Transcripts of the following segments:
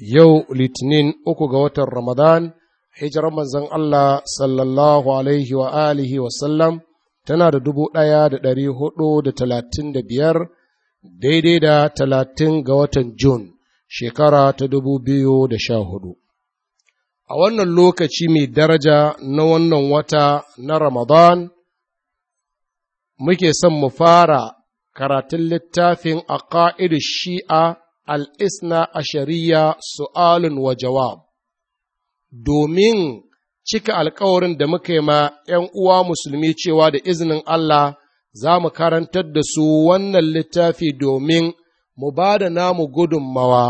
yau litinin uku ga watan ramadan hijirar manzon Allah sallallahu alaihi wa alihi wa sallam tana da dubu ɗaya da ɗari hudu da talatin da biyar daidai da talatin ga watan Jun shekara ta dubu biyu da sha hudu. A wannan lokaci mai daraja na wannan wata na Ramadan muke son mu fara karatun littafin a ka'idu shi'a al'isna a shari'a su'alun wa jawab, domin cika alkawarin da muka yi ma ’yan uwa musulmi cewa da izinin Allah za mu karantar da su wannan littafi domin mu ba da namu gudunmawa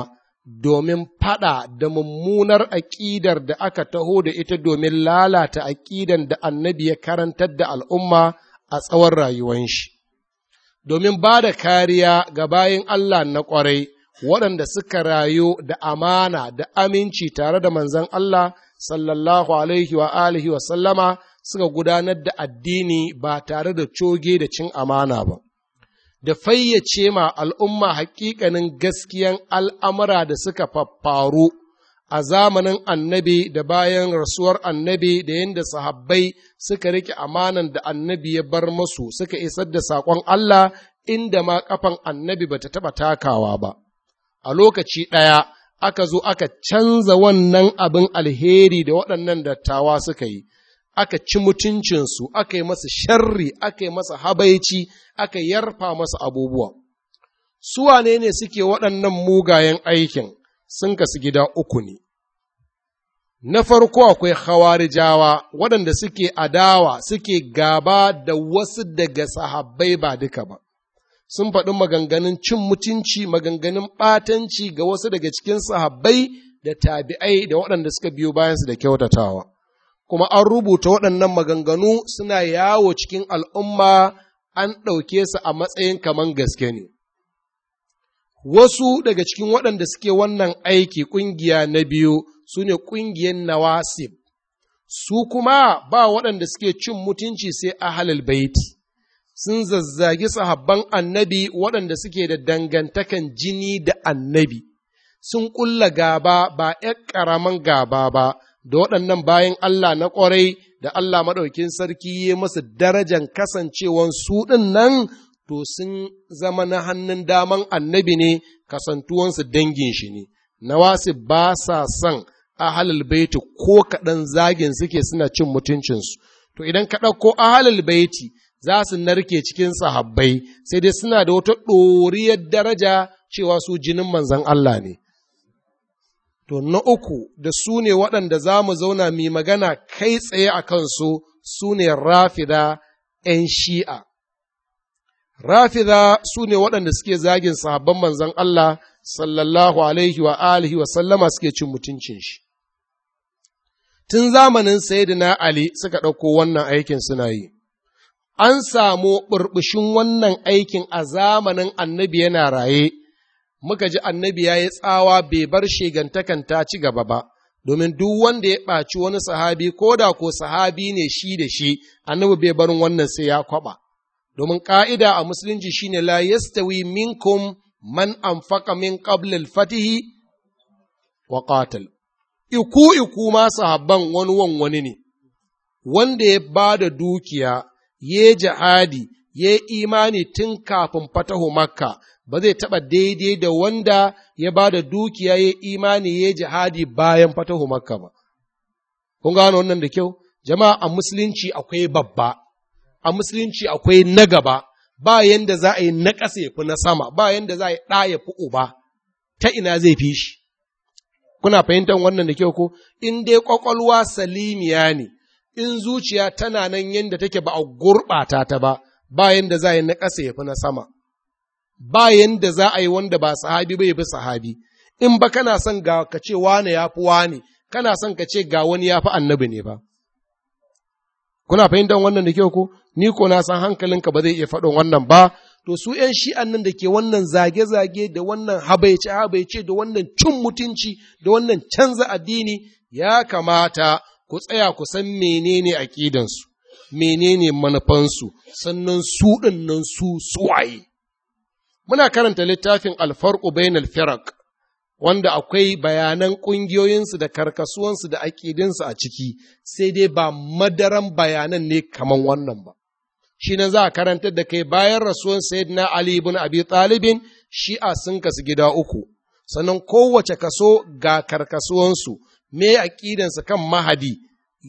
domin faɗa da mummunar aƙidar da aka taho da ita domin lalata aƙidan da annabi ya karantar da al'umma a tsawon rayuwan shi. Domin ba da kariya ga bayin Allah na ƙwarai. waɗanda suka rayu da amana da aminci tare da manzon Allah sallallahu alaihi wa alihi wa sallama suka gudanar da addini ba tare da coge da cin amana ba. Da fayyace ma al'umma hakikanin gaskiyan al'amura da suka faffaru a zamanin annabi da bayan rasuwar annabi da yadda sahabbai suka rike amanan da annabi ya bar masu suka isar da saƙon Allah inda ma ƙafan annabi ba ta taɓa takawa ba. a lokaci ɗaya aka zo aka canza wannan abin alheri da waɗannan dattawa suka yi, aka ci mutuncinsu, aka yi masa sharri, aka yi masa habaici, aka yarfa masa abubuwa. Su wane ne suke waɗannan mugayen aikin sun kasu gida uku ne. Na farko akwai hawarijawa waɗanda suke adawa suke gaba da wasu daga sahabbai ba duka ba. sun faɗi maganganun cin mutunci, maganganun ɓatanci ga wasu daga cikin sahabbai da tabi'ai da waɗanda suka biyo bayansu da kyautatawa. Kuma an rubuta waɗannan maganganu suna yawo cikin al'umma an ɗauke su a matsayin kaman gaske ne. Wasu daga cikin waɗanda suke wannan aiki ƙungiya na biyu su ne ƙungiyar nawasib, su kuma ba waɗanda suke cin mutunci sai ahalal baiti. sun zazzagi sahabban annabi waɗanda suke da dangantakan jini da annabi, sun ƙulla gaba ba ‘yan ƙaramin gaba ba, da waɗannan bayan Allah na ƙwarai da Allah maɗaukin sarki ya masu darajan kasancewan su ɗin nan to sun zama na hannun daman annabi ne kasantuwansu dangin shi ne. Nawasi ba sa son ahalul baiti ko kaɗan zagin suke suna cin mutuncinsu. To idan ka ɗauko ahalul baiti za su narke cikin sahabbai sai dai suna da wata ɗoriyar daraja cewa su jinin manzan Allah ne. To, na uku da su ne waɗanda za mu zauna mai magana kai tsaye a kansu su ne rafida ‘yan shi'a. Rafida su ne waɗanda suke zagin sahabban manzan Allah sallallahu alaihi wa alihi wa sallama suke cin mutuncin shi. Tun zamanin Sayyidina Ali suka ɗauko wannan aikin suna yi. an samu ɓurɓushin wannan aikin a zamanin annabi yana raye, muka ji annabi ya yi tsawa bai bar shegantakan ta ci gaba ba, domin duk wanda ya ɓaci wani sahabi ko da ko sahabi ne shi da shi, annabi bai barin wannan sai ya kwaba. Domin ƙa'ida a musulunci shine la yastawi minkum man amfaka min qabla fatihi wa ƙatal. Iku iku ma sahabban wani wani ne, wanda ya ba da dukiya ye jihadi ye imani tun kafin fatahu makka ba zai taɓa daidai da wanda ya ba da dukiya ya imani ya jihadi bayan fatahu makka ba. Kun gano wannan da kyau? Jama'a a musulunci akwai babba, a musulunci akwai na gaba, ba yanda za a yi na ƙasa ya fi na sama, ba yanda za a yi ɗa ya fi uba, ta ina zai fi shi. Kuna fahimtar wannan da kyau ko? In dai ƙwaƙwalwa salimiya ne, in zuciya tana nan yadda take ba a gurɓata ta ba, ba yadda za a yi na ƙasa ya fi na sama, ba yadda za a yi wanda ba sahabi ba ya sahabi, in ba kana son ga ka ce wane ya fi wane, kana son ka ce ga wani ya fi annabi ne ba. Kuna fahimtar wannan da kyau ko? Ni ko na san hankalinka ba zai iya faɗin wannan ba, to su ‘yan shi'an nan da ke wannan zage-zage da wannan habaice-habaice da wannan cin mutunci da wannan canza addini ya kamata ku tsaya ku san menene aƙidansu, menene manufansu, sannan su ɗin nan su suwaye. Muna karanta littafin alfarku bainal firak wanda akwai bayanan ƙungiyoyinsu da karkasuwansu da aƙidinsu a ciki, sai dai ba madaran bayanan ne kaman wannan ba. Shi nan za a karanta da kai bayan rasuwan Sayyidina Ali ibn Abi Talibin shi'a sun kasu gida uku, sannan kowace kaso ga karkasuwansu, me aƙidansa kan mahadi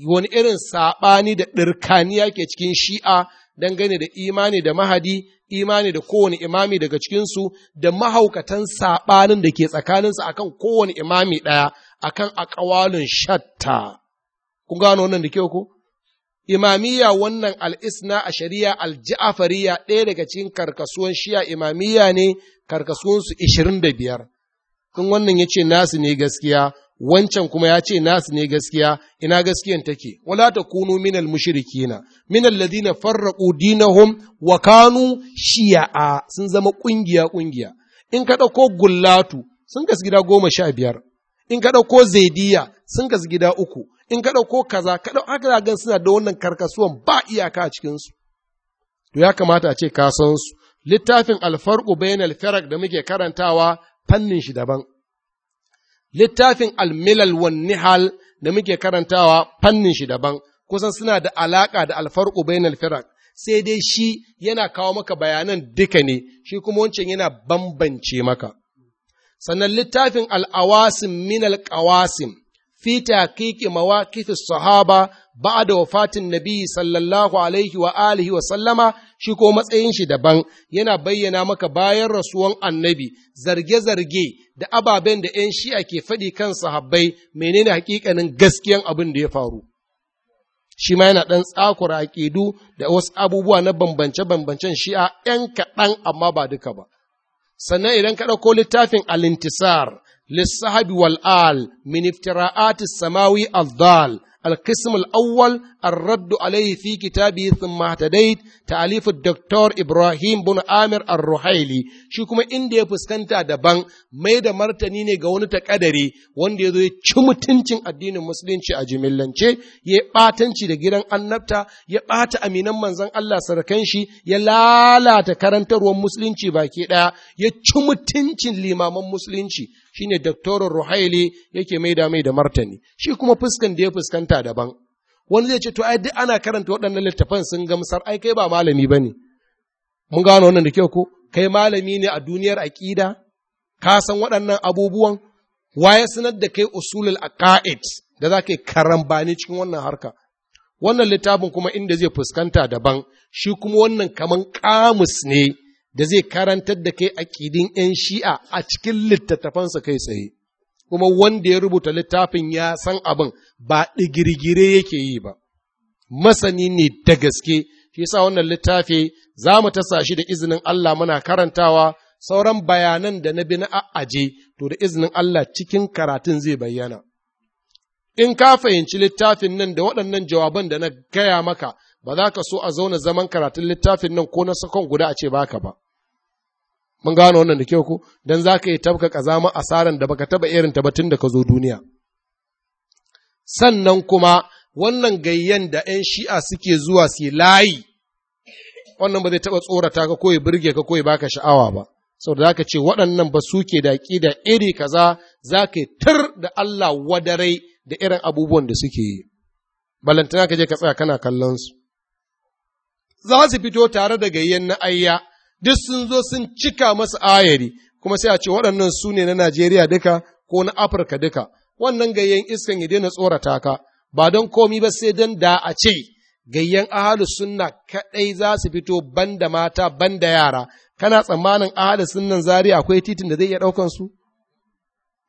wani irin saɓani da ɗirkaniya ke cikin shi'a dangane da imani da mahadi imani da kowane imami daga cikinsu da mahaukatan saɓanin da ke tsakaninsu akan kowane imami ɗaya akan aƙawalin shatta kun gano wannan da kyau ku Imamiya wannan al'isna a shari'a alja'afariya ɗaya daga cikin karkasuwan shi'a imamiya ne karkasuwansu ishirin da biyar kun wannan ya ce nasu ne gaskiya wancan kuma ya ce nasu ne gaskiya ina gaskiyan take wala ta kunu minal mushrikina minal ladina farraqu dinahum wa kanu shi'a sun zama kungiya kungiya in ka dauko gullatu sun kasu gida goma sha biyar in ka dauko zaidiya sun kasu gida uku in ka dauko kaza ka dauko aka gan suna da wannan karkasuwan ba iyaka a cikin su to ya kamata a ce ka san su littafin alfarqu bainal farq da muke karantawa fannin shi daban. Littafin almilal wan nihal da muke karantawa fannin shi daban, kusan suna da alaƙa da alfarƙo bainal firak, sai dai shi yana kawo maka bayanan duka ne, shi kuma wancan yana bambance maka. Sannan littafin al'awasin min alƙawasim fi taqiqi mawaqif sahaba ba'da wafatin nabi sallallahu alaihi wa alihi wa sallama shi ko matsayin shi daban yana bayyana maka bayan rasuwan annabi zarge-zarge da ababen da 'yan shi'a ke faɗi kan sahabbai menene hakikanin gaskiyan abin da ya faru shi ma yana ɗan tsakura aƙidu da wasu abubuwa na bambance-bambancen shi'a ‘yan kaɗan amma ba duka ba. Sannan idan ka ɗauko littafin alintisar للصحب والآل من افتراءات السماوي الضال القسم الأول الرد raddu في كتابه ثم اهتديت تأليف الدكتور إبراهيم بن آمر الرحيلي shi kuma inda ya fuskanta daban mai da martani ne ga wani takadari wanda ya zo ya ci mutuncin addinin musulunci a jimillance ya ɓatanci da gidan annabta ya ɓata aminan manzon Allah sarkan shi ya lalata karantarwar musulunci baki ɗaya ya ci mutuncin limaman musulunci shine daktorin ruhaili yake mai da mai da martani shi kuma fuskan da ya fuskanta daban wani zai ce to ai duk ana karanta waɗannan littafan sun gamsar ai kai ba malami bane mun gano wannan da kyau ko kai malami ne a duniyar aƙida ka san waɗannan abubuwan waye sanar da kai usulul aqaid da za ka yi cikin wannan harka wannan littafin kuma inda zai fuskanta daban shi kuma wannan kaman kamus ne da zai karantar da kai a ƙidin 'yan shi'a a cikin littattafansa kai tsaye, kuma wanda ya rubuta littafin ya san abin ba ɗigirgire yake yi ba, masani ne da gaske, shi sa wannan littafi za mu tasa shi da izinin Allah muna karantawa sauran bayanan da na bi na a'aje, to da izinin Allah cikin karatun zai bayyana. In ka fahimci littafin nan da waɗannan jawaban da na gaya maka, ba za ka so a zauna zaman karatun littafin nan ko na sakon guda a ce baka ba mun gano wannan da kyau ko Don za ka yi tabka kazama asaran da baka taba irin ta tun da ka zo duniya sannan kuma wannan gayyan da 'yan shi'a suke zuwa su layi wannan ba zai taɓa tsorata ka koyi birge ka koyi ba baka sha'awa ba Sau da za ka ce waɗannan ba suke da ƙi da iri kaza za ka tar da Allah wadarai da irin abubuwan da suke yi balantana ka je ka tsaya kana kallon su za su fito tare da gayyen na ayya duk sun zo sun cika masu ayari kuma sai a ce waɗannan su ne na Najeriya duka ko na Afirka duka wannan gayyen iskan ya daina tsorata ka ba don komi ba sai don da a ce gayyan ahalu sunna kaɗai za su fito banda mata banda yara kana tsammanin ahalu sunnan zari akwai titin da zai iya ɗaukan su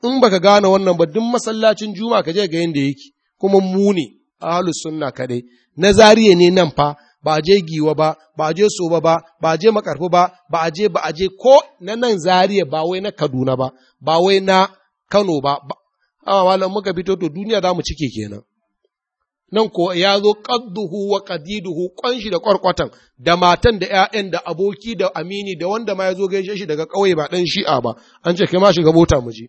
in baka gane wannan ba duk masallacin juma'a ka je ga da yake kuma mu ne ahalu sunna kaɗai na zariya ne nan fa ba je giwa ba ba a je soba ba ba je makarfi ba ba je ba je ko na nan zariya ba wai na kaduna ba ba wai na kano ba amma malam muka fito to duniya za mu cike kenan nan ko ya zo qadduhu wa qadiduhu kwanshi da kwarkwatan da matan da ƴaƴan da aboki da amini da wanda ma ya zo gaishe shi daga ƙauye ba dan shi'a ba an ce kai ma shiga bota mu je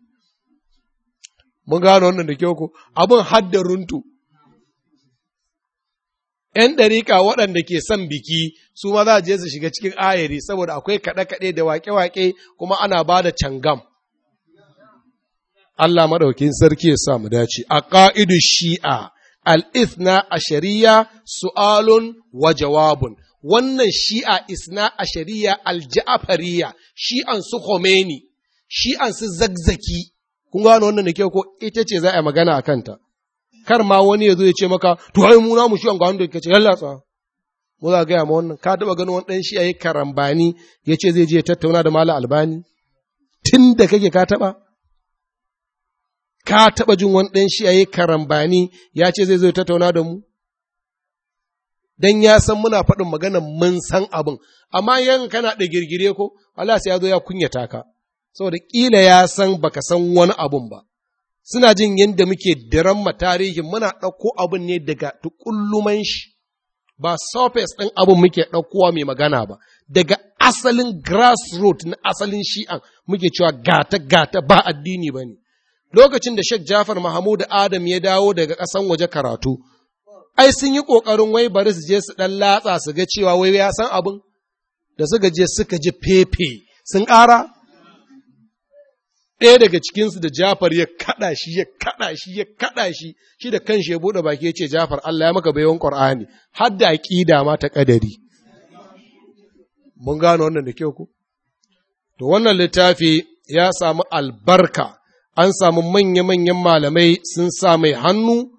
mun gano wannan da kyau ko abin hadda runtu ‘yan ɗarika waɗanda ke son biki su ma za je su shiga cikin ayari saboda akwai kaɗe-kaɗe da waƙe-waƙe kuma ana ba da cangam. Allah maɗaukin sarki ya samu dace, a ƙa'idu shi'a, al'ithna a shari'a su'alun wa jawabun, wannan shi'a isna a shari'a alja'afariya, shi'an su Khomeini, shi'an su zagzaki, kun gano wannan da kyau ko ita ce za a yi magana a kanta. kar ma wani ya zo ya ce maka to ai mu na mu shi an ga wanda kace yalla tsa mu za ga ma wannan ka taba ganin wani dan shi yayi karambani yace zai je tattauna da malam albani tunda kake ka taba ka taba jin wani dan shi yayi karambani ya ce zai zo ya tattauna da mu dan ya san muna faɗin magana mun san abin amma yan kana da girgire ko Allah sai ya zo ya kunyata ka saboda kila ya san baka san wani abun ba suna jin yadda muke ma tarihin muna ɗauko abin ne daga tukulluman shi ba surface ɗin abin muke ɗaukowa mai magana ba daga asalin grassroot na asalin shi'an muke cewa gata gata ba addini ba ne lokacin da Sheikh Jafar Mahmud Adam ya dawo daga ƙasan waje karatu ai sun yi ƙoƙarin wai bari su je su ɗan latsa su ga cewa wai ya san abin da suka je suka ji fefe sun ƙara ɗaya daga cikinsu da Jafar ya kaɗa shi, ya kaɗa shi, ya kaɗa shi, shi da kanshi ya buɗe baki ya ce, Jafar, Allah ya maka baiwan Ƙur'ani, har da aƙida ma ta ƙadari. Mun gano wannan da kyau ku? To wannan littafi ya samu albarka, an samu manya-manyan malamai sun sa mai hannu,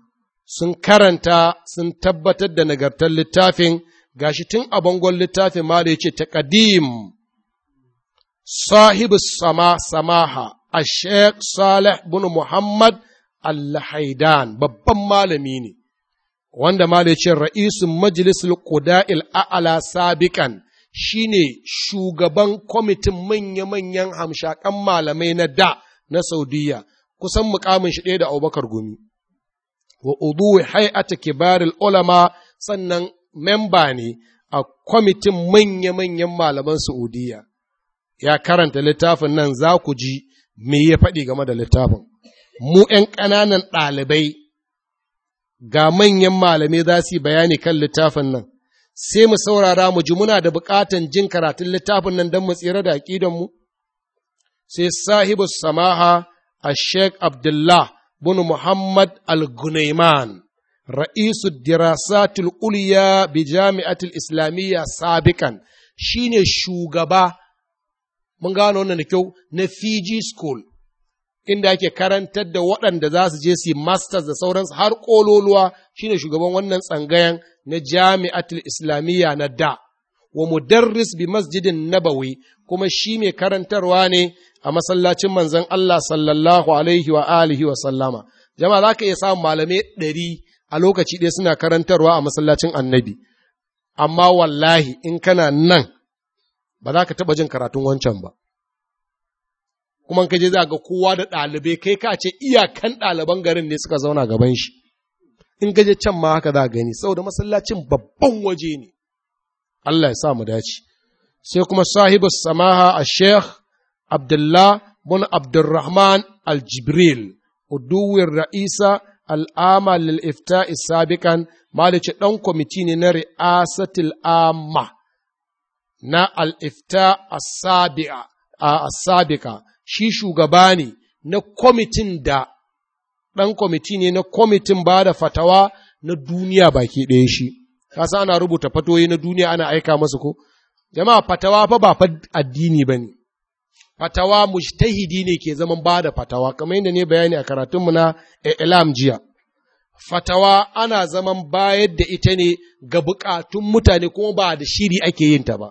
sun karanta, sun tabbatar da nagartar littafin, Ga shi tun a bangon littafin ma da ya ce, ƙadim sahibu sama samaha, a Sheikh Saleh bin Muhammad al babban malami ne, wanda ma ce ra'isun majalisul Quda'il a'ala sabikan shi ne shugaban kwamitin manya-manyan hamshakan malamai na da na saudiyya kusan mukamin shi ɗaya da Abubakar Gumi. Wa uduwi hay'ata kibaril ulama sannan memba ne a kwamitin manya-manyan malaman saudiyya. Ya karanta littafin nan za ku ji me ya faɗi game da littafin mu ‘yan ƙananan ɗalibai ga manyan malamai za su yi bayani kan littafin nan sai mu saurara mu ji muna da buƙatan jin karatun littafin nan don mu tsira da aƙidanmu sai sahibu samaha a sheikh abdullah bin muhammad al-gunaiman ra'isu dirasatul uliya bi jami'atul islamiyya sabikan shine shugaba mun gano wannan da kyau na Fiji School, inda ake karantar da waɗanda za su je su masters da sauransu har ƙololuwa ne shugaban wannan tsangayan na jami'atul islamiyya na da, wa mudarris bi masjidin nabawi kuma shi mai karantarwa ne a masallacin manzan Allah sallallahu alaihi wa alihi wa sallama. Jama'a za ka iya samun malamai ɗari a lokaci ɗaya suna karantarwa a masallacin annabi, amma wallahi in kana nan ba za ka taɓa jin karatun wancan ba. Kuma ka je za ga kowa da ɗalibai kai ka ce iyakan ɗaliban garin ne suka zauna gaban shi. In ka je can ma haka za gani saboda masallacin babban waje ne. Allah ya sa mu dace. Sai kuma sahibu samaha a Sheikh Abdullah bin Abdulrahman Al-Jibril, Uduwin Ra'isa Al'ama lil-ifta'i sabikan, malice ɗan kwamiti ne na ri'asatil amma. na al'ifta a sabika shi shugaba ne na kwamitin da ɗan kwamiti ne na kwamitin ba da fatawa na duniya baki ɗaya shi kasa ana rubuta fatoyi na duniya ana aika masu ko jama'a fatawa fa ba fa addini ba ne fatawa mujtahidi ne ke zaman ba da fatawa kamar yadda ne bayani a karatunmu na ilam jiya fatawa ana zaman bayar da ita ne ga bukatun mutane kuma ba da shiri ake yin ta ba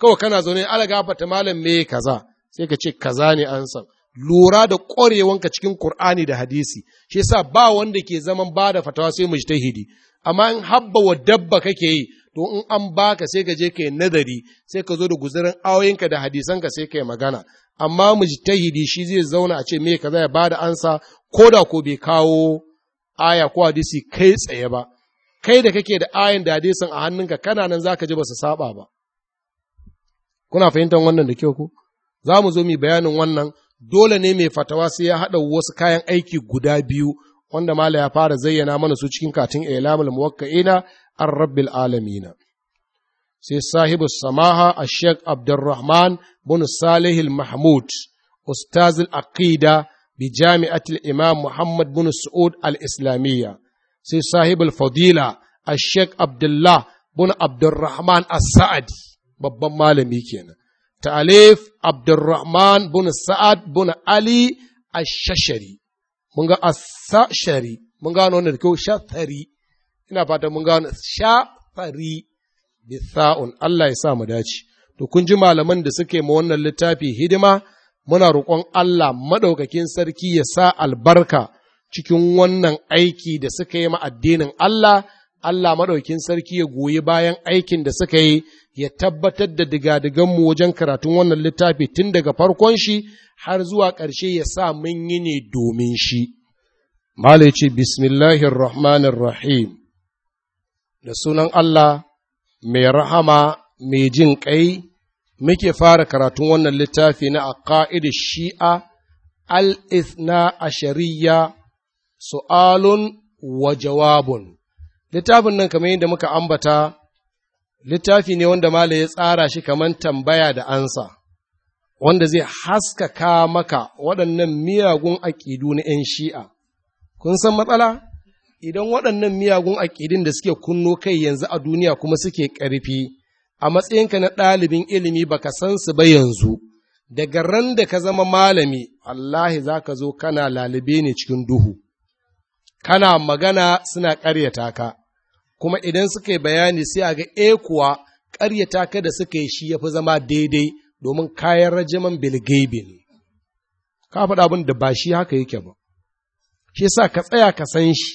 kawai kana zaune ala gafata malam me kaza sai ka ce kaza ne an san lura da ƙwarewanka cikin Kur'ani da hadisi shi yasa ba wanda ke zaman ba da fatawa sai mujtahidi amma in habba wa dabba kake yi to in an baka sai ka je ka yi nazari sai ka zo da guzurin ayoyinka da hadisanka sai ka magana amma mujtahidi shi zai zauna a ce me kaza ya bada ansa ko da ko bai kawo aya ko hadisi kai tsaye ba kai da kake da ayin da hadisin a hannunka kana nan zaka ji ba su saba ba Kuna fahimtar wannan da kyau ko Za mu zo mu bayanin wannan dole ne mai fatawa sai ya haɗa wasu kayan aiki guda biyu wanda mala ya fara zayyana mana su cikin katin ilamul muwakka'ina ar rabbil alamina. Sai sahibu samaha a Sheikh abdurrahman bin Salihil Mahmud, Ustazil Aqida bi jami'atil Imam Muhammad bin Su'ud al-Islamiyya. Sai sahibul Fadila a Sheikh Abdullah bin abdurrahman as-Sa'adi. babban malami kenan ta'alif abdurrahman bin sa'ad bin ali ash mun ga as-shashari mun gano wannan da kyau shathari ina fata mun gano shathari bisa'un Allah ya sa mu dace to kun ji malaman da suke ma wannan littafi hidima muna roƙon Allah madaukakin sarki ya sa albarka cikin wannan aiki da suka yi ma addinin Allah, Allah maɗaukin sarki ya goyi bayan aikin da suka yi ya tabbatar da digadiganmu wajen karatun wannan littafi tun daga farkon shi har zuwa ƙarshe ya sa mun yi ne domin shi. Mala Bismillahir ce, Rahim, da sunan Allah mai rahama mai jin ƙai, muke fara karatun wannan littafi na aƙa'idar shi'a al a Ashariya. su'alun wa jawabun. Littafin nan kamar yadda muka ambata, littafi ne wanda mala ya tsara shi kamar tambaya da ansa wanda zai haskaka maka waɗannan miyagun aƙidu na 'yan shi'a kun san matsala idan waɗannan miyagun aƙidin da suke kunno kai yanzu a duniya kuma suke ƙarfi a matsayinka na ɗalibin ilimi baka san su ba yanzu daga ran da ka zama malami wallahi za ka zo kana lalube ne cikin duhu kana magana suna ƙaryata ka kuma idan suka yi bayani sai a ga e kuwa ƙaryata ka suka yi shi ya fi zama daidai domin kayan rajaman bilgaibi ne ka faɗa abin da ba shi haka yake ba shi sa ka tsaya ka san shi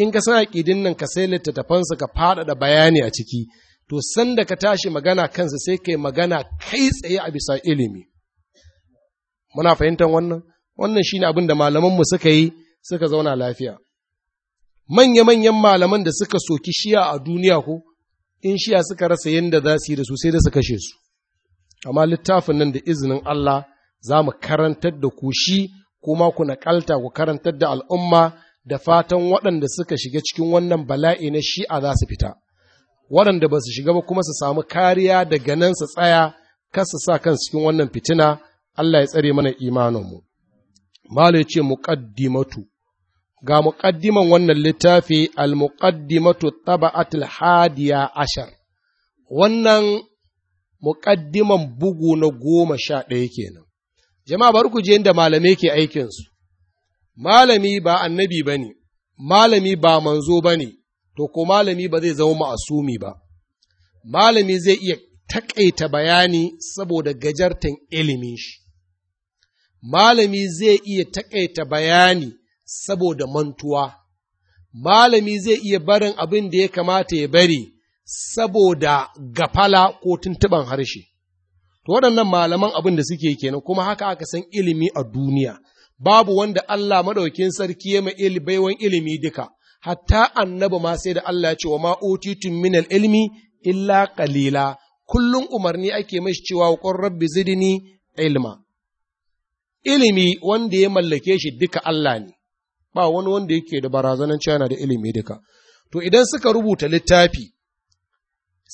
in ka san aƙidin nan ka sai littattafansa ka faɗaɗa bayani a ciki to sanda ka tashi magana kansa sai kai magana kai tsaye a bisa ilimi muna fahimtar wannan wannan shine abin da malamanmu suka yi suka zauna lafiya manya-manyan malaman da suka soki shiya a duniya ko in shiya suka rasa yadda za su yi da su sai da su kashe su amma littafin nan da izinin Allah za mu karantar da ku shi kuma ku naƙalta ku karantar da al'umma da fatan waɗanda suka shiga cikin wannan bala'i na shi'a za su fita waɗanda ba su shiga ba kuma su samu kariya daga nan su tsaya kar su sa kan cikin wannan fitina Allah ya tsare mana imaninmu Malu ya ce muƙaddimatu ga muƙaddiman wannan littafi al-muqaddimatu taba'atul hadiya ashar wannan muƙaddiman bugu na goma sha ɗaya kenan jama'a bari ku je inda malamai ke aikinsu malami ba annabi ba ne malami ba manzo ba ne to ko malami ba zai zama ma'asumi ba malami zai iya taƙaita bayani saboda gajartan ilimin shi malami zai iya taƙaita bayani saboda mantuwa, malami zai iya barin abin da ya kamata ya bari saboda gafala ko tuntuban harshe. To waɗannan malaman abin da suke kenan kuma haka aka san ilimi a duniya, babu wanda Allah maɗaukin sarki ya mai baiwan ilimi duka, hatta annabi ma sai da Allah cewa ce wa minal ilimi illa kalila, kullum umarni ake mashi cewa wa rabbi zidini ilma. Ilimi wanda ya mallake shi duka Allah ne. ba wani wanda yake da barazanan cewa yana da ilimi duka to idan suka rubuta littafi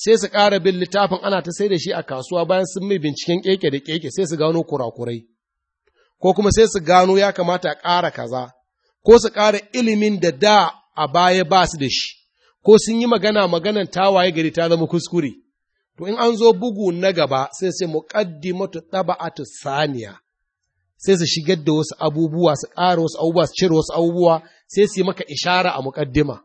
sai su ƙara bin littafin ana ta sai da shi a kasuwa bayan sun mai binciken keke da keke sai su gano kurakurai ko kuma sai su gano ya kamata a ƙara kaza ko su ƙara ilimin da da a baya ba su da shi ko sun yi magana maganan tawaye gari ta zama kuskure to in an zo bugu na gaba sai sai muqaddimatu taba'atu saniya sai su shigar da wasu abubuwa su ƙara wasu abubuwa su cire wasu abubuwa sai su yi maka ishara a muƙaddima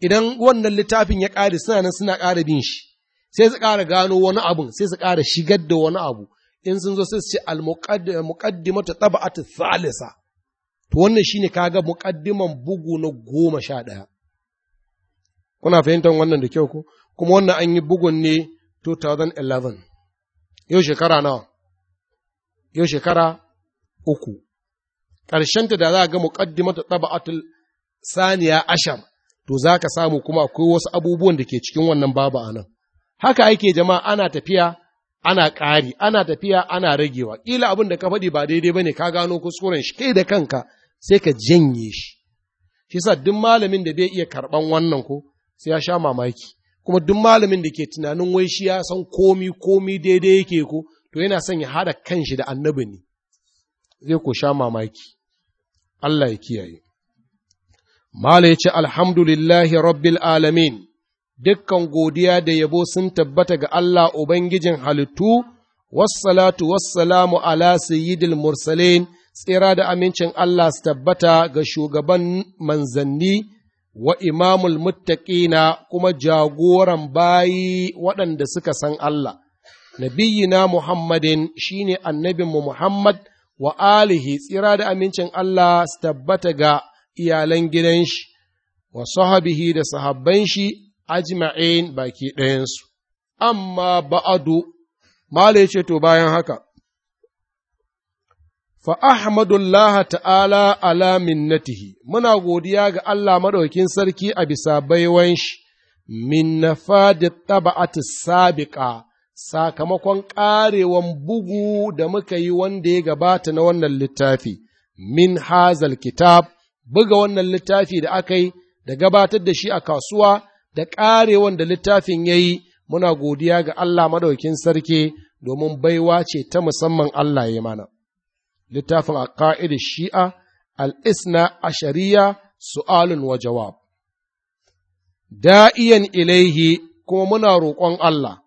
idan wannan littafin ya ƙare suna nan suna ƙara bin shi sai su ƙara gano wani abu sai su ƙara shigar da wani abu in sun zo sai su ce al ta tab'atu thalisa to wannan shine kaga muqaddiman bugu na goma sha ɗaya kuna fahimtar wannan da kyau ko kuma wannan an yi bugun ne 2011 yau shekara nawa yau shekara uku ƙarshenta da za a ga muƙaddimata taba'atul saniya ashar to za ka samu kuma akwai wasu abubuwan da ke cikin wannan babu a nan haka ake jama'a ana tafiya ana ƙari ana tafiya ana ragewa ƙila abin da ka faɗi ba daidai ba ne ka gano kuskuren shi kai da kanka sai ka janye shi shi sa duk malamin da bai iya karɓan wannan ko sai ya sha mamaki kuma duk malamin da ke tunanin wai shi ya san komi komi daidai yake ko to yana son ya hada kanshi da annabi ne zai ko sha mamaki Allah ya kiyaye mala ya ce alhamdulillahi rabbil alamin dukkan godiya da yabo sun tabbata ga Allah ubangijin halittu wassalatu wassalamu ala sayyidil mursalin tsira da amincin Allah su tabbata ga shugaban manzanni wa imamul muttaqina kuma jagoran bayi waɗanda suka san Allah nabiyina Muhammadin shine mu Muhammad wa alihi tsira da amincin Allah su tabbata ga iyalan gidan shi wa sahabihi da sahabban shi ajma'in baki ɗayansu. Amma ba'adu, Mala ce to bayan haka, fa Ahmadullah ta'ala ala minnatihi, muna godiya ga Allah maɗaukin sarki a bisa baiwan shi, min nafadi taba'atu sabiƙa. sakamakon ƙarewan bugu da muka yi wanda ya gabata na wannan littafi, min hazal kitab, buga wannan littafi da aka yi da gabatar da shi a kasuwa da ƙarewan da littafin ya yi, muna godiya ga Allah maɗaukin sarki domin baiwa ce ta musamman Allah ya mana. Littafin a ƙa'idar shi'a, al'isna a shari'a, su'alun wa Da'iyan ilaihi kuma muna roƙon Allah.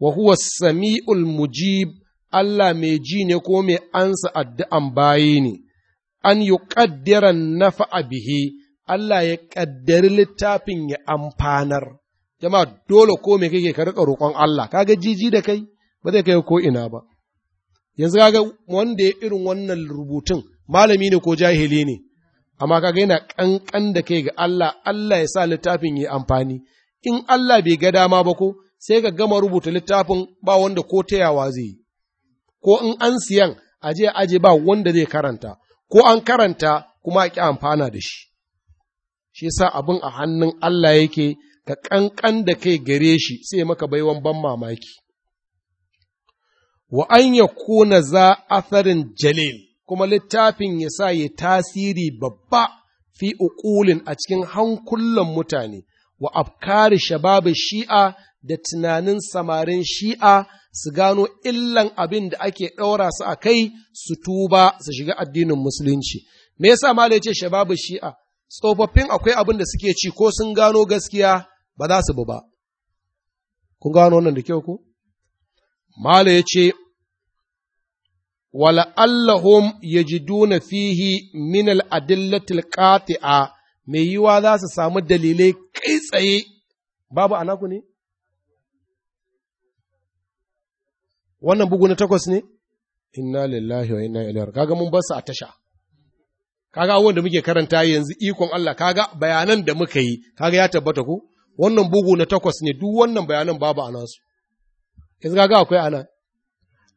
wa huwa sami'ul mujib Allah mai ji ne ko mai ansa addu'an bayi ne, an yi ƙaddiran nafa'a bihi, Allah ya ƙaddari littafin ya amfanar, jama dole ko mai kake ka riƙa roƙon Allah, kaga jiji da kai, ba zai kai ko ina ba. Yanzu kaga wanda ya irin wannan rubutun, malami ne ko jahili ne, amma kaga yana ƙanƙan da kai ga Allah, Allah ya sa littafin ya amfani, in Allah bai ga dama ba ko, sai ka gama rubuta littafin ba wanda ko tayawa zai yi, ko in an siyan aje aje ba wanda zai karanta, ko an karanta kuma a ƙi amfana da shi. Shi sa abin a hannun Allah yake ka ƙanƙan da kai gare shi sai maka baiwan ban mamaki. Wa an ya kuna za atharin jalil, kuma littafin ya sa ya tasiri babba fi uƙulin a cikin hankulan mutane. wa afkari shababin shi'a da tunanin samarin shi'a su gano illan abin da ake ɗaura su a kai su tuba su shiga addinin musulunci. Me yasa ma ce shababu shi'a, tsofaffin akwai abin da suke ci ko sun gano gaskiya ba za su bu ba. Kun gano wannan da kyau ko? Mala ya ce, wala'allahum ya ji duna fihi minal adillatil ƙati'a mai yiwa za su samu dalilai kai tsaye, babu ku ne? wannan bugu na takwas ne inna lillahi wa inna ilaihi kaga mun bar a tasha kaga abubuwan da muke karanta yanzu ikon Allah kaga bayanan da muka yi kaga ya tabbata ku wannan bugu na takwas ne duk wannan bayanan babu a nasu yanzu kaga akwai ana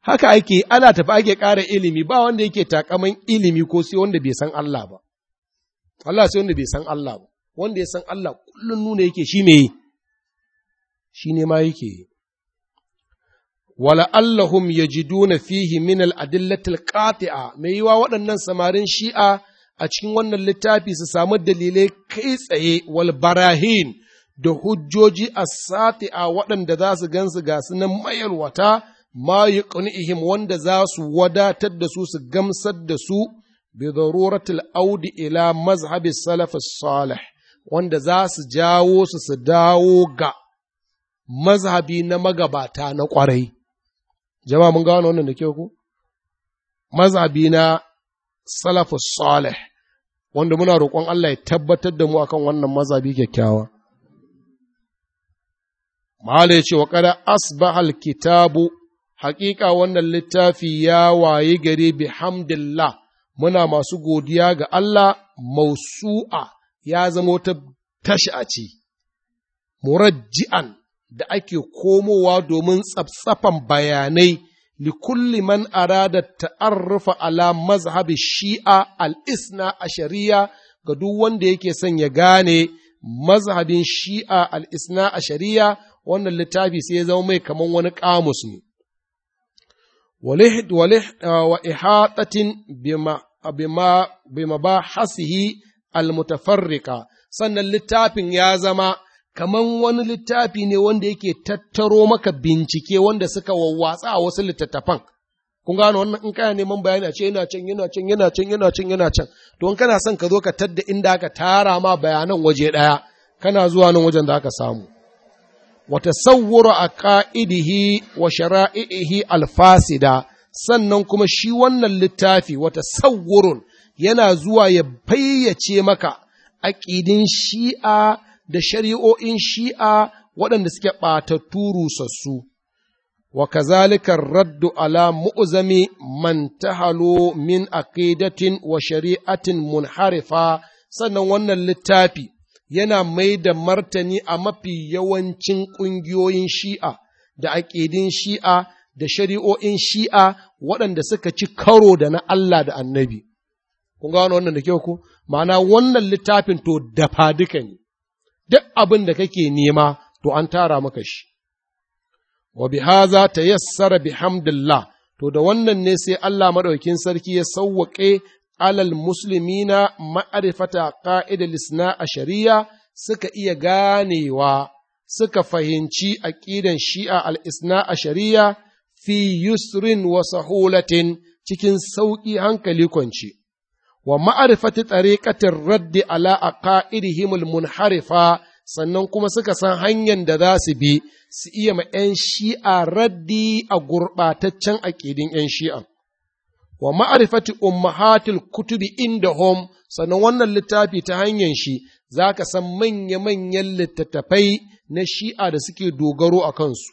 haka ake ana tafi ake ƙara ilimi ba wanda yake takaman ilimi ko sai wanda bai san Allah ba Allah sai wanda bai san Allah ba wanda ya san Allah kullun nuna yake shi yi. shi ne ma yake wala allahum yajiduna fihi min al-adillatil qati'a mai yiwa waɗannan samarin shi'a a cikin wannan littafi su samu dalilai kai tsaye wal barahin da hujjoji a sati'a waɗanda za su gansu ga su nan mayarwata ma yi wanda za su wadatar da su su gamsar da su bi daruratil audi ila mazhabi salaf salih wanda za su jawo su su dawo ga mazhabi na magabata na ƙwarai Jama'a mun gano wannan da kyau ku? Mazabi na salafu salih wanda muna roƙon Allah ya tabbatar da mu akan wannan mazabi kyakkyawa. Mahala ya ce wa kada asbahal kitabu haƙiƙa wannan littafi ya waye gare bi hamdillah muna masu godiya ga Allah mausu'a ya zama wata a ce, murajji'an da ake komowa domin tsaftsafan bayanai likulli man arada ta'arrufa ala mazhabi shi'a al-isna a shari'a ga duk wanda yake son ya gane mazhabin shi'a al-isna a shari'a wannan littafi sai ya zama mai kaman wani kamus ne ah, wa ihatatin bima ba hasihi al sannan littafin ya zama kaman wani littafi ne wanda yake tattaro maka bincike wanda suka wawwatsa a wasu littattafan. Kun gano wannan in kana neman bayani a ce yana can yana can yana can yana can yana can. To in kana son ka zo ka tadda inda aka tara ma bayanan waje ɗaya kana zuwa nan wajen da aka samu. Wata sawwura a ka'idihi wa shara'i'ihi alfasida sannan kuma shi wannan littafi wata sawwurun yana zuwa ya bayyace maka aƙidin shi'a da shari'o'in shi'a waɗanda suke ɓatattu rusassu, wa kazalika raddu ala Mu'uzami man tahalo min aqidatin wa shari'atin munharifa sannan wannan littafi yana mai da martani a mafi yawancin ƙungiyoyin shi'a da aƙidin shi'a da shari'o'in shi'a waɗanda suka ci karo da na Allah da annabi. Kun ga wannan da kyau ku? Ma'ana wannan littafin to dafa duka ne, duk abin da kake nema to an tara maka shi. Wa bihaza ta yassara hamdillah, to da wannan ne sai Allah maɗaukin sarki ya sauwaƙe alal musulmina ma'arifata ƙa'idar lisna a shari'a suka iya ganewa, suka fahimci aƙidan shi'a al'isna a shari'a fi yusrin wa sahulatin cikin sauƙi hankali kwanci. wa ma'arifati tariqatir raddi ala aqaidihim munharifa sannan kuma suka san hanyar da za su bi su iya ma 'yan shi'a raddi a gurɓataccen aƙidin 'yan shi'a. Wa ma'arifati ummahatil kutubi inda hom sannan wannan littafi ta hanyar shi za ka san manya-manyan littattafai na shi'a da suke dogaro a kansu.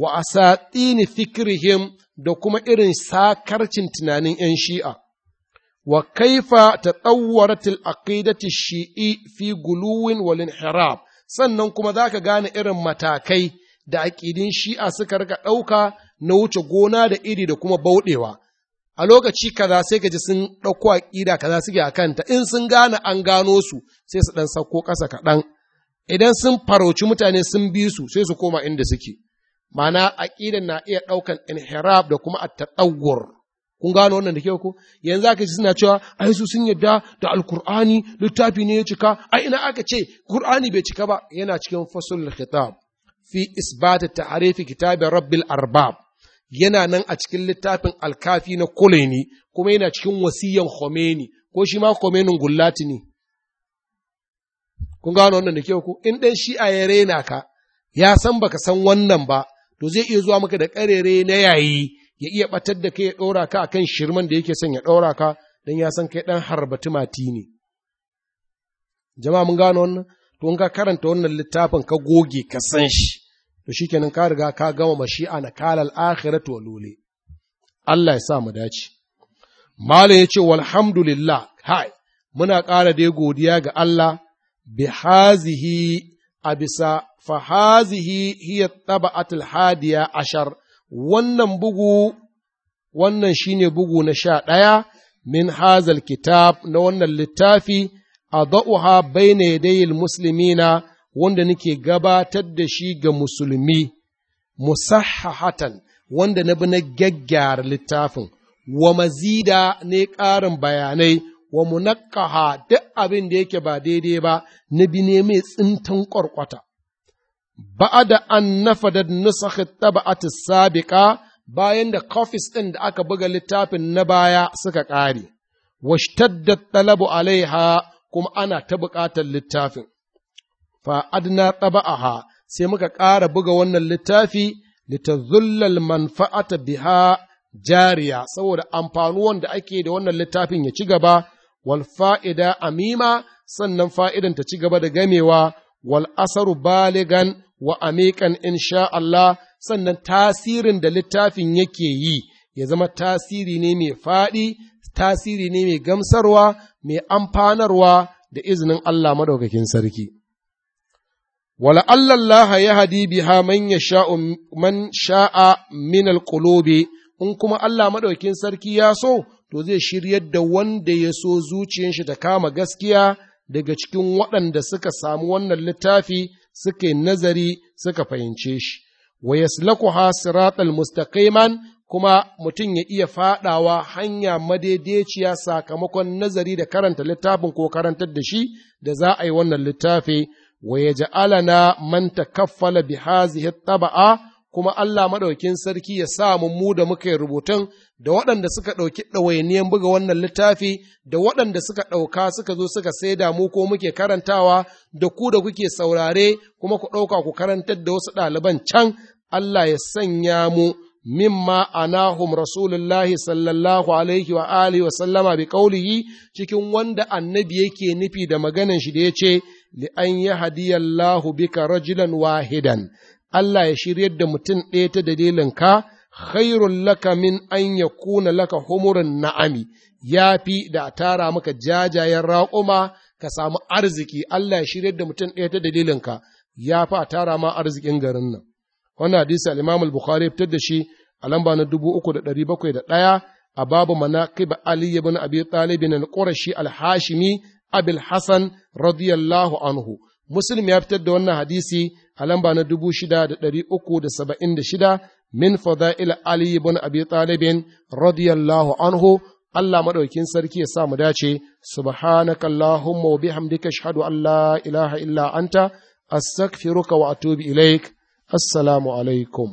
Wa asatini fikirihim da kuma irin sakarcin tunanin 'yan shi'a. wa kaifa tatawwaratil aqidati shi'i fi guluwin sannan kuma zaka gane irin matakai da aƙidin shi'a suka rika ɗauka na wuce gona da iri da kuma bauɗewa a lokaci kaza sai ka ji sun ɗauko aƙida kaza suke a kanta in sun gane an gano su sai su ɗan sauko ƙasa kaɗan idan sun farauci mutane sun bi su sai su koma inda suke ma'ana aƙidan na iya ɗaukan inhirab da kuma a tatawwur kun gano wannan da kyau ko yanzu aka ce suna cewa ai su sun yadda da alkur'ani littafi ne ya cika ai ina aka ce kur'ani bai cika ba yana cikin fasul khitab fi isbat ta'rif kitab rabbil arbab yana nan a cikin littafin alkafi na kulaini kuma yana cikin wasiyan khomeini ko shi ma khomeinin gullati ne kun gano wannan da kyau ko in dan shi'a ya rena ka ya san baka san wannan ba to zai iya zuwa maka da karere na yayi ya iya ɓatar da kai ya ɗora ka kan shirman da yake son ya ɗora ka don ya san kai ɗan harbati mati ne jama'a mun gano wannan to in ka karanta wannan littafin ka goge ka san shi to shikenan ka riga ka gama mashi'a na kalal akhiratu wa lule Allah ya sa mu dace malam ya ce walhamdulillah hai muna ƙara dai godiya ga Allah bi hazihi a bisa fa hazihi hiya taba'atul hadiya ashar wannan bugu wannan shine bugu na sha ɗaya min hazal kitab na wannan littafi a da'uha baina yadayil muslimina wanda nake gabatar da shi ga musulmi musahhatan wanda na bi na gyaggyara littafin wa mazida ne ƙarin bayanai wa munakkaha duk abin da yake ba daidai ba na bi ne mai tsintan ƙwarƙwata ba'ada an nafadat nusakh at-tab'at as-sabiqa bayan da copies ɗin da aka buga littafin na baya suka ƙare washtadda talabu alaiha kuma ana ta buƙatar littafin fa adna taba'aha sai muka ƙara buga wannan littafi litazullal manfa'ata biha jariya saboda amfanuwan da ake da wannan littafin ya ci gaba wal fa'ida amima sannan fa'idan ta ci gaba da gamewa wal asaru baligan wa amikan sha Allah sannan tasirin da littafin yake yi ya zama tasiri ne mai faɗi, tasiri ne mai gamsarwa, mai amfanarwa da izinin Allah maɗaukakin sarki. Wala Allah ya hadi biha man man sha'a min alƙulobe, in kuma Allah maɗaukakin sarki ya so, to zai shiryar da wanda ya so zuciyar ta kama gaskiya daga cikin waɗanda suka samu wannan littafi suke nazari suka fahimce shi wa yaslakuha siratal mustaqiman kuma mutum ya iya faɗawa hanya madaidaiciya sakamakon nazari da karanta littafin ko karantar da shi da za a yi wannan littafi wa ya ja'alana man takaffala bi hazihi taba'a kuma Allah maɗaukin sarki ya sa mu da muka yi rubutun da waɗanda suka ɗauki ɗawainiyan buga wannan littafi da waɗanda suka ɗauka suka zo suka saida mu ko muke karantawa da ku da kuke saurare kuma ku ɗauka ku karantar da wasu ɗaliban can Allah ya sanya mu mimma anahum rasulullahi sallallahu alaihi wa alihi wa sallama bi qawlihi cikin wanda annabi yake nufi da maganan shi da yace li an yahdiyallahu bika rajulan wahidan Allah ya shiryar da mutum ɗaya ta dalilin ka, khairun laka min an ya kuna laka humurin na'ami, ya fi da a tara maka jajayen raƙuma ka samu arziki, Allah ya shiryar da mutum ɗaya ta dalilin ka, ya fi a tara ma arzikin garin nan. Wannan hadisi al-Imam al-Bukhari fitar da shi a lamba na dubu uku da ɗari bakwai da ɗaya a babu manaqib Ali ibn Abi Talib al-Qurashi al-Hashimi Abil Hassan radiyallahu anhu. muslim ya fitar da wannan hadisi a lamba na dubu da da uku saba'in shida. min fada'il ali ibn abi talibin radiyallahu anhu Allah maɗaukin sarki ya sa mu dace subhanakallahumma wa bihamdika ashhadu an la ilaha illa anta astaghfiruka wa atubu ilaik assalamu alaikum